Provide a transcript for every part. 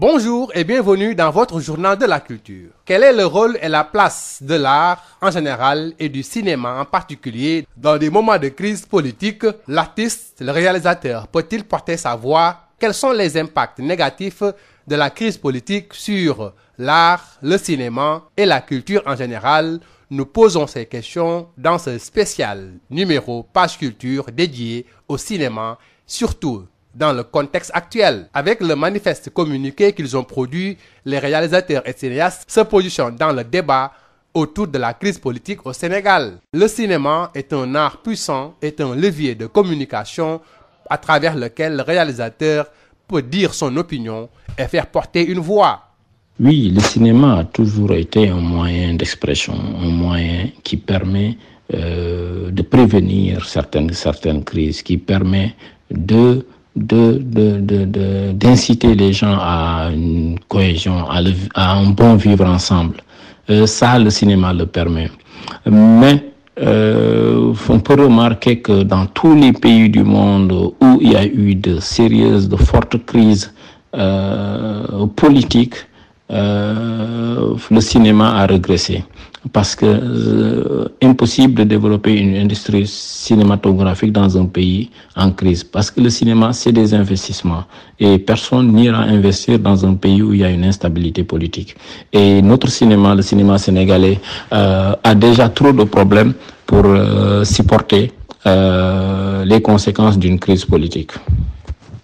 Bonjour et bienvenue dans votre journal de la culture. Quel est le rôle et la place de l'art en général et du cinéma en particulier dans des moments de crise politique L'artiste, le réalisateur peut-il porter sa voix Quels sont les impacts négatifs de la crise politique sur l'art, le cinéma et la culture en général nous posons ces questions dans ce spécial numéro Page Culture dédié au cinéma, surtout Dans le contexte actuel, avec le manifeste communiqué qu'ils ont produit, les réalisateurs et cinéastes se positionnent dans le débat autour de la crise politique au Sénégal. Le cinéma est un art puissant, est un levier de communication à travers lequel le réalisateur peut dire son opinion et faire porter une voix. Oui, le cinéma a toujours été un moyen d'expression, un moyen qui permet euh, de prévenir certaines, certaines crises, qui permet de de de d'inciter de, de, les gens à une cohésion, à, le, à un bon vivre ensemble. Euh, ça, le cinéma le permet. Mais euh, on peut remarquer que dans tous les pays du monde où il y a eu de sérieuses, de fortes crises euh, politiques, euh, le cinéma a régressé. parce que euh, impossible de développer une industrie cinématographique dans un pays en crise parce que le cinéma c'est des investissements et personne n'ira investir dans un pays où y a une instabilité politique et notre cinéma le cinéma sénégalais euh, a déjà trop de problèmes pour euh, supporter euh, les conséquences d'une crise politique.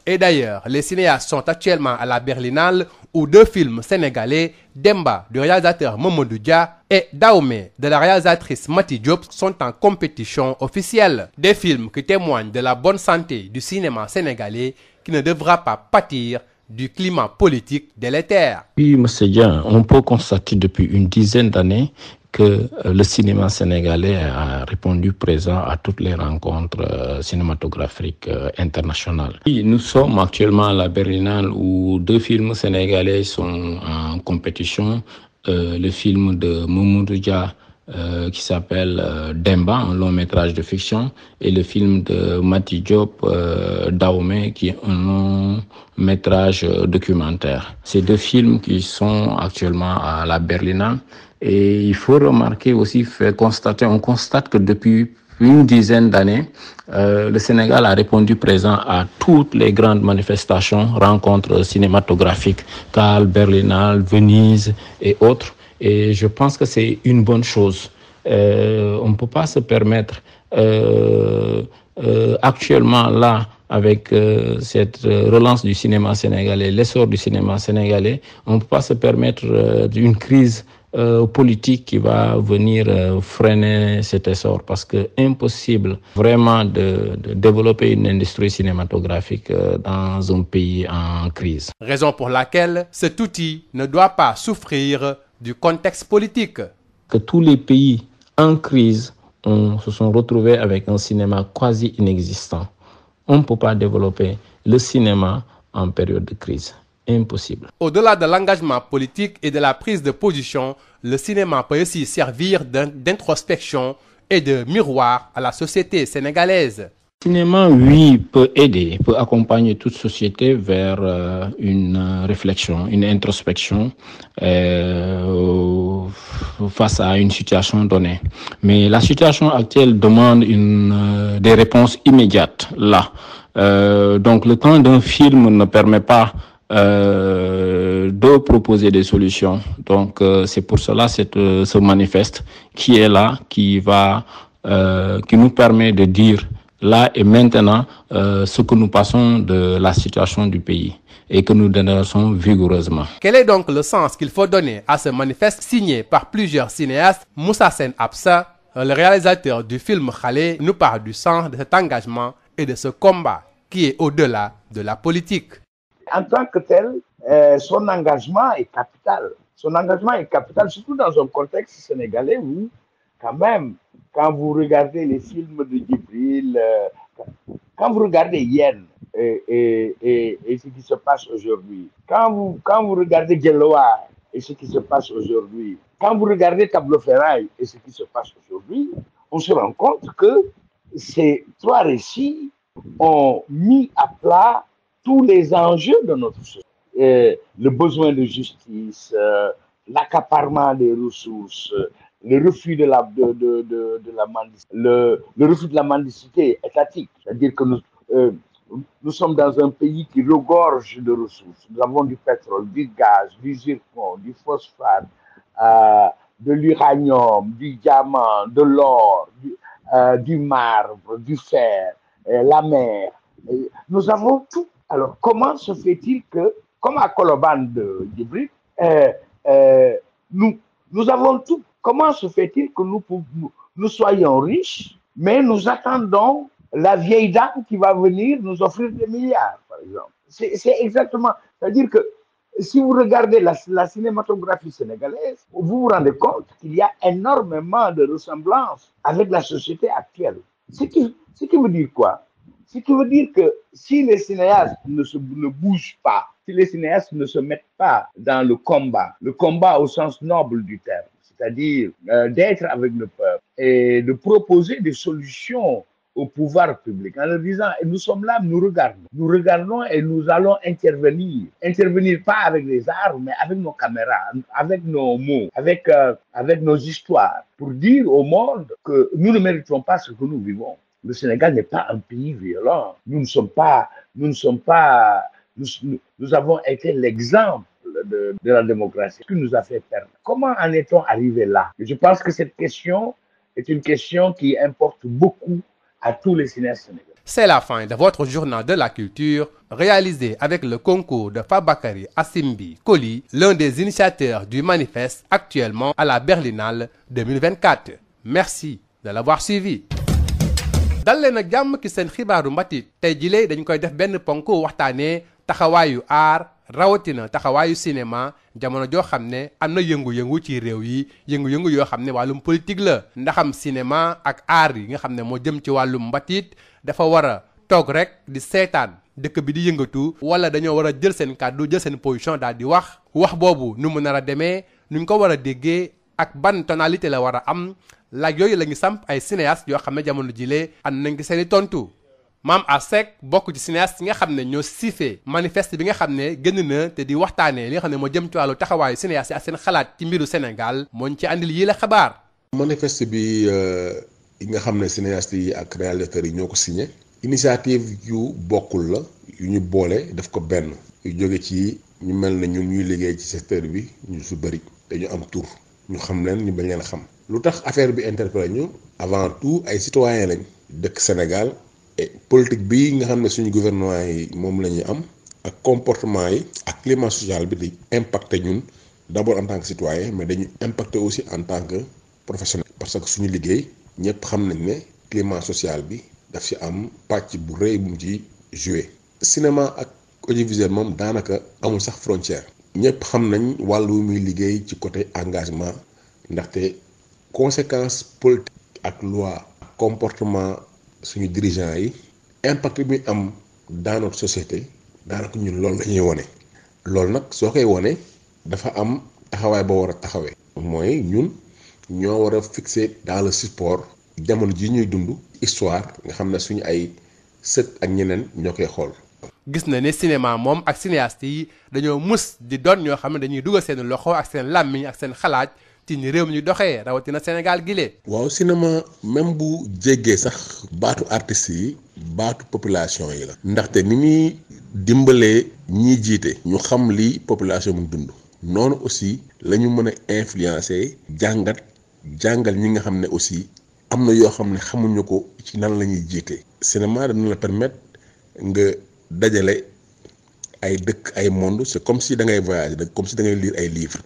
Et d'ailleurs, les cinéastes sont actuellement à la Berlinale où deux films sénégalais, Demba du réalisateur Mamadou Dia et Dahomey de la réalisatrice Mati Diop sont en compétition officielle. Des films qui témoignent de la bonne santé du cinéma sénégalais qui ne devra pas pâtir du climat politique délétère. Oui, Monsieur Dieng, on peut constater depuis une dizaine d'années que euh, le cinéma sénégalais a répondu présent à toutes les rencontres euh, cinématographiques euh, internationales. Oui, nous sommes actuellement à la Berlinale où deux films sénégalais sont en compétition, Euh, le film de Mamoudou Dia euh, qui s'appelle euh, Demba, un long métrage de fiction, et le film de Mati Diop, Dahomey, qui est un long métrage documentaire. Ces deux films qui sont actuellement à la Berlina. Et il faut remarquer aussi, faire constater, on constate que depuis une dizaine d'années, euh, le Sénégal a répondu présent à toutes les grandes manifestations, rencontres cinématographiques, Cannes, Berlinale, Venise et autres. Et je pense que c'est une bonne chose. Euh, on ne peut pas se permettre euh, euh, actuellement là avec euh, cette relance du cinéma sénégalais, l'essor du cinéma sénégalais, on ne peut pas se permettre euh, d'une crise euh, politique qui va venir euh, freiner cet essor parce que impossible vraiment de, de développer une industrie cinématographique euh, dans un pays en crise. Raison pour laquelle cet outil ne doit pas souffrir du contexte politique. Que tous les pays en crise on, se sont retrouvés avec un cinéma quasi inexistant. On ne peut pas développer le cinéma en période de crise. impossible. Au-delà de l'engagement politique et de la prise de position, le cinéma peut aussi servir d'introspection et de miroir à la société sénégalaise. Le cinéma, oui, peut aider, peut accompagner toute société vers euh, une euh, réflexion, une introspection euh, face à une situation donnée. Mais la situation actuelle demande une, des réponses immédiates, là. Euh, donc le temps d'un film ne permet pas euh, de proposer des solutions. Donc euh, c'est pour cela cette, euh, ce manifeste qui est là, va, euh, qui nous permet de dire là et maintenant euh, ce que nous passons de la situation du pays et que nous dénonçons vigoureusement. Quel est donc le sens qu'il faut donner à ce manifeste signé par plusieurs cinéastes? Moussa Sen Absa, euh, le réalisateur du film Khalé, nous parle du sens de cet engagement et de ce combat qui est au-delà de la politique. en tant que tel, euh, son engagement est capital. Son engagement est capital, surtout dans un contexte sénégalais où, quand même, quand vous regardez les films de Djibril, euh, quand vous regardez Yen et, et, et, et ce qui se passe aujourd'hui, quand vous, quand vous regardez Geloa et ce qui se passe aujourd'hui, quand vous regardez Tableau Ferraille et ce qui se passe aujourd'hui, on se rend compte que ces trois récits ont mis à plat tous les enjeux de notre société. Et le besoin de justice, euh, l'accaparement des ressources, le refus de la, de, de, la mendicité, le, le, refus de la mendicité étatique. Euh, nous, sommes dans un pays qui regorge de ressources. Nous avons du pétrole, du gaz, du zircon, du phosphate, euh, de l'uranium, du diamant, de l'or, du, euh, marbre, du fer, euh, la mer. nous avons Alors, comment se fait-il que, comme à Coloban de Djibril, euh, euh, nous, nous avons tout. Comment se fait-il que nous, soyons riches, mais nous attendons la vieille dame qui va venir nous offrir des milliards, par exemple C'est exactement. si vous regardez la, la, cinématographie sénégalaise, vous vous rendez compte qu'il y a énormément de ressemblances avec la société actuelle. Ce qui veut dire quoi Ce qui veut dire que si les cinéastes ne, se, ne bougent pas, si les cinéastes ne se mettent pas dans le combat, le combat au sens noble du terme, c'est-à-dire euh, d'être avec le peuple et de proposer des solutions au pouvoir public en leur disant nous sommes là, nous regardons. Nous regardons et nous allons intervenir. Intervenir pas avec les armes, mais avec nos caméras, avec nos mots, euh, avec nos histoires, pour dire au monde que nous ne méritons pas ce que nous vivons. le Sénégal n'est pas un pays violent. Nous pas, nous ne pas, nous, nous avons été l'exemple de, de, la Comment en on arrivé là Je pense que cette question question qui importe beaucoup à tous les cinéastes sénégalais. C'est la fin de votre journal de la culture réalisé avec le concours de Fabakari Assimbi Koli, l'un des initiateurs du manifeste actuellement à la Berlinale 2024. Merci de l'avoir suivi. dal leen ak jàmm ki seen xibaaru mbatit tey jilee dañu koy def benn ponk waxtaanee taxawaayu aar rawatina taxawaayu cinéma jamono joo xam ne am na yëngu-yëngu ci réew yi yëngu-yëngu yoo xam ne wàllum politique la ndaxam cinéma ak aar yi nga xam ne moo jëm ci wàllum mbatit dafa war a toog rek di seetaan dëkk bi di yëngatu wala dañoo war a jël seen kàddu jël seen position daal di wax wax boobu nu mu nar a demee nuñ ko war a déggee ak ban tonalité la war a am laaj yooyu la ñu samp ay cinéastes yoo xam ne jamono jilee ànd nañ ko seen i tontu maam Ass Seck bokk ci cinéastes yi nga xam ne ñoo siifee manifeste bi nga xam ne gën na te di waxtaanee li nga xam ne moo jëm ci wàllu taxawaayu cinéastes yi ak seen xalaat mooñ ci andil la xabaar. manifeste bi euh, yi nga xam ne cinéastes yi ak yi ñoo ko signé initiative yu bokkul la yu ñu boole daf ko benn yu jóge ci ñu mel ne ñun ñuy liggéey ci secteur bi ñu su bëri dañu am tur ñu xam leen ñu bañ leen xam. lu tax affaire bi interpellé ñu avant tout ay citoyen lañ dëkk Sénégal et politique bi nga xam ne suñu gouvernement yi moom la ñuy am ak comportement yi ak climat social bi di impacté ñun d'abord en tant que mais dañuy impacté aussi en tant que professionnel parce que suñu liggéey ñëpp xam nañ ne climat social bi daf ci am pàcc bu rëy bu mu ci joué cinéma ak audiovisuel moom daanaka amul sax frontière ñëpp xam nañ wàllu muy liggéey ci côté engagement ndaxte conséquence politique ak loi comportement suñu dirigeant yi impact bi muy am dans notre société daanaka ñun lool la ñuy wone loolu nag soo koy wone dafa am taxawaay boo war a taxawee mooy ñun ñoo war a fixer dans le support jamono ji ñuy dund histoire nga xam ne suñu ay sët ak ñeneen ñoo koy xool gis na ni cinéma moom ak cinéaste yi dañoo mus di doon ñoo xam ne dañuy dugal seen loxo ak seen làmmiñ ak seen xalaat ci ni réew mi ñu doxee rawatina senegal gile. waaw cinéma même bu jegee sax baatu artistes yi baatu population yi la. ndaxte ni muy dimbalee ñiy jiite. ñu xam li population mu dund. noonu aussi la ñu mën a influencer jàngat jàngal ñi nga xam ne aussi am na yoo xam ne xamuñu ko ci nan la ñuy jiite. cinéma dana la permettre nga dajale ay dëkk ay monde c'est comme si da ngay voyager comme si da ngay lire ay livres.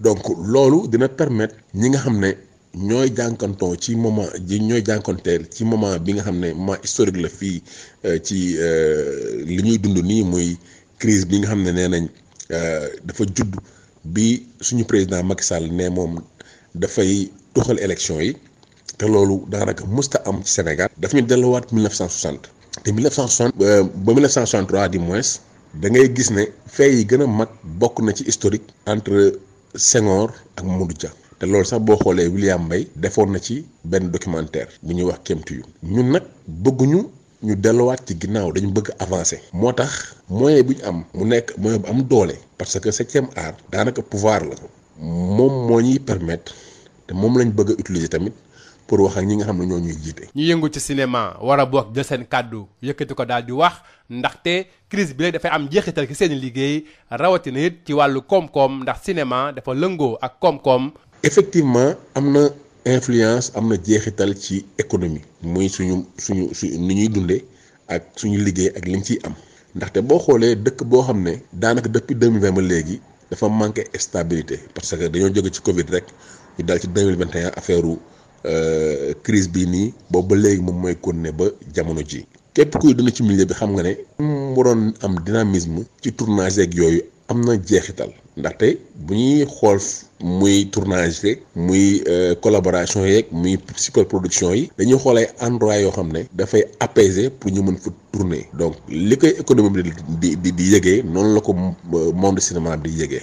donc loolu dina permettre ñi nga xam ne ñooy jànkantoo ci moment ji ñooy jànkanteel ci moment bi nga xam ne moment historique la fii euh, ci euh, li ñuy dund nii muy crise bi nga xam ne nee nañ euh, dafa judd bi suñu président Macky Sall ne moom dafay tuxal élection yi te loolu daanaka musta am ci Sénégal daf ñu delluwaat 1960 te 1960 ba 1963 du moins da ngay gis ne fee yi gën a mag bokk na ci historique entre Senghor ak Modou ca te loolu sax boo xoolee William mbay defoon na ci benn documentaire bu ñuy wax kémtu yu ñun nag bëgguñu ñu delluwaat ci ginnaaw dañu bëgg avancé moo tax moyen bi am mu nekk moyen bu am doole parce que septième art daanaka pouvoir la moom moo ñuy permettre te moom lañ bëgg a utiliser tamit pour wax ak ñi nga xam ne ñoo ñuy jiite. ñu yëngu ci cinéma war a bokk jël seen kàddu yëkkati ko daal di wax ndaxte crise bi léegi dafay am jeexital ci seen liggéey rawatina it ci wàllu koom-koom ndax cinéma dafa lëngoo ak koom-koom. effectivement am na influence am na jeexital ci économie muy suñu suñu su ni ñuy dundee ak suñu liggéey ak liñ ciy am ndaxte boo xoolee dëkk boo xam ne daanaka depuis 2020 ba léegi dafa manqué stabilité parce que dañoo jóge ci Covid rek ñu dal ci 2021 affaire Euh, crise bii nii boobu ba léegi moom mooy kon ne ba jamono ji képp kuy dund ci milieu bi xam nga ne mu waroon am dinamisme ci tournage ak yooyu am na jeexital ndaxte bu ñuy xool muy tournage rek muy euh, collaboration yeeg muy super production yi dañuy xool ay endroit yoo xam ne dafay apaiser pour ñu mën fa tourner donc li koy économie bi di di yëgee noonu la ko euh, monde cinéma di yëgee.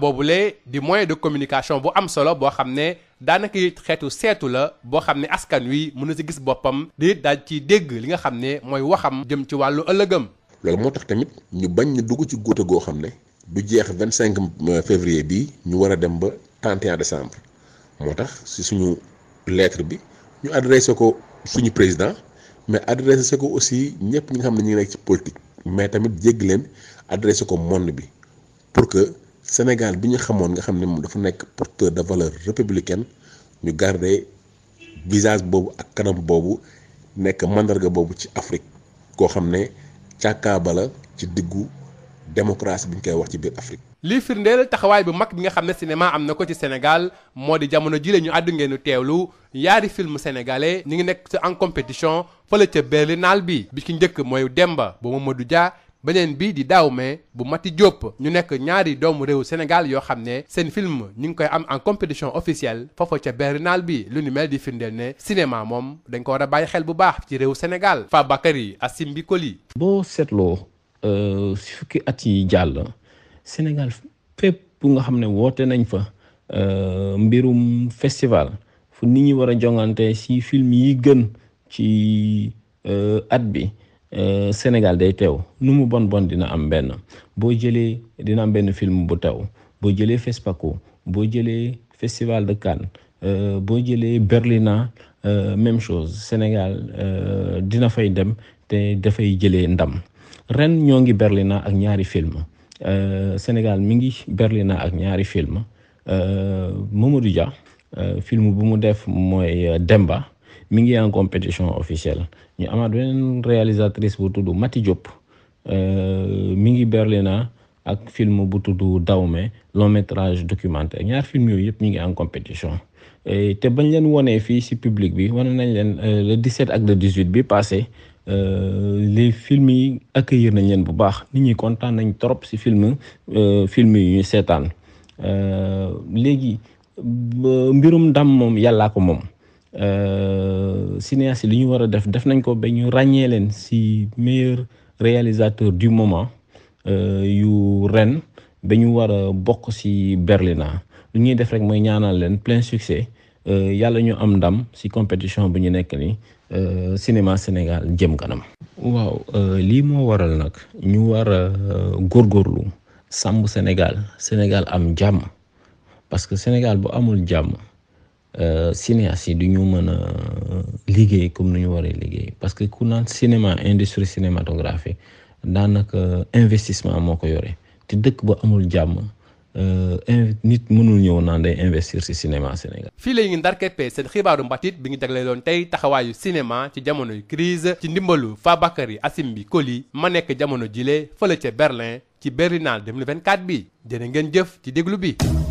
boobu lee di moyen de communication bu am solo boo xam ne daanaka xeetu seetu la boo xam ne askan wi mën na ci gis boppam di daal ci dégg li nga xam ne mooy waxam jëm ci wàllu ëllëgam. loolu moo tax tamit ñu bañ ñu dugg ci góote goo xam ne. du jeex vingt cinq euh, février bi ñu war a dem ba 31 décembre moo tax si suñu lettre bi ñu adressé ko suñu président mais adressé ko aussi ñëpp ñi nga xam ne ñu ngi nekk ci politique mais tamit jéggi leen adressé ko monde bi pour que Sénégal bi ñu xamoon nga xam ne moom dafa nekk porteur de valeur républicaine ñu garde visage boobu ak kanam boobu nekk mandarga boobu ci Afrique koo xam ne càkkaaba ci diggu. démocratie bi ñu koy wax ci biir Afrique. lii firndeel taxawaay bu mag bi nga xam ne cinéma am na ko ci Sénégal moo di jamono jii la ñu àddu ngeen teewlu yaari film sénégalais ñu ngi nekk en compétition fële ca Berlinale bi bi ci njëkk mooy Demba bu Mamadou Dia. beneen bii di daaw me bu Mati Diop ñu nekk ñaari doomu réew Sénégal yoo xam ne seen film ñu ngi koy am en compétition officielle foofa ca Berlinale bi lu ni mel di firndeel ne cinéma moom dañ ko war a bàyyi xel bu baax ci réewu Sénégal Fabakary Assimbi Koli boo seetloo Euh, si fukki at yi jàll Sénégal fépp nga xam ne woote nañ fa euh, mbirum festival fu nit ñi war a jongante si film yi gën ci euh, at bi Sénégal day teew nu mu bon bon dina am benn boo jëlee dina am benn film bu teew boo jëlee FESPACO boo jëlee festival de Cannes boo jëlee Berlina même chose Sénégal dina fay dem te dafay jëlee ndam ren ñoo ngi Berlina ak ñaari film euh, Sénégal mi ngi Berlina ak ñaari film euh, Mamadou Dia euh, film bu mu def mooy Demba mi ngi en compétition officielle ñu amaat beneen réalisatrice bu tudd Mati Diop mi ngi Berlina ak film bu tudd Dawme long métrage documentaire ñaar film yooyu yëpp ñu ngi en compétition te bañ leen wonee fii si public bi wane nañ leen le 17 ak le 18 bi passé Euh, les films yi accueillir nañ leen bu baax nit ñi kontaan nañ trop ci film euh, film yi ñuy seetaan euh, léegi mbirum ndam moom yàllaa ko moom cinéaste yi li ñu war a def def nañ ko ba ñu ràññee leen ci meilleur réalisateur du moment yu ren ba ñu war a bokk ci Berlina lu ñuy def rek mooy ñaanal leen plein succès yàlla ñu am ndam ci compétition bi ñu nekk nii Euh, cinéma Sénégal jëm kanam. waaw euh, lii moo waral nag ñu war a euh, góorgóorlu sàmm Sénégal Sénégal am jàmm parce que Sénégal bu amul jàmm cinéastes yi du ñu mën a liggéey comme nu ñu waree liggéey parce que ku naan cinéma industrie cinématographique daanaka investissement moo ko yore te dëkk bu amul jàmm. Euh, nit mënul ñëw naan day investir ci cinéma Sénégal. fii la ñu ndar seen xibaaru mbatit bi ñu doon tey taxawaayu cinéma ci jamonoy crise ci ndimbalu Fabakary Assimbi Koli ma nekk jamono jile fële ca Berlin ci Berlinale 2024 bi jërë ngeen jëf ci déglu bi.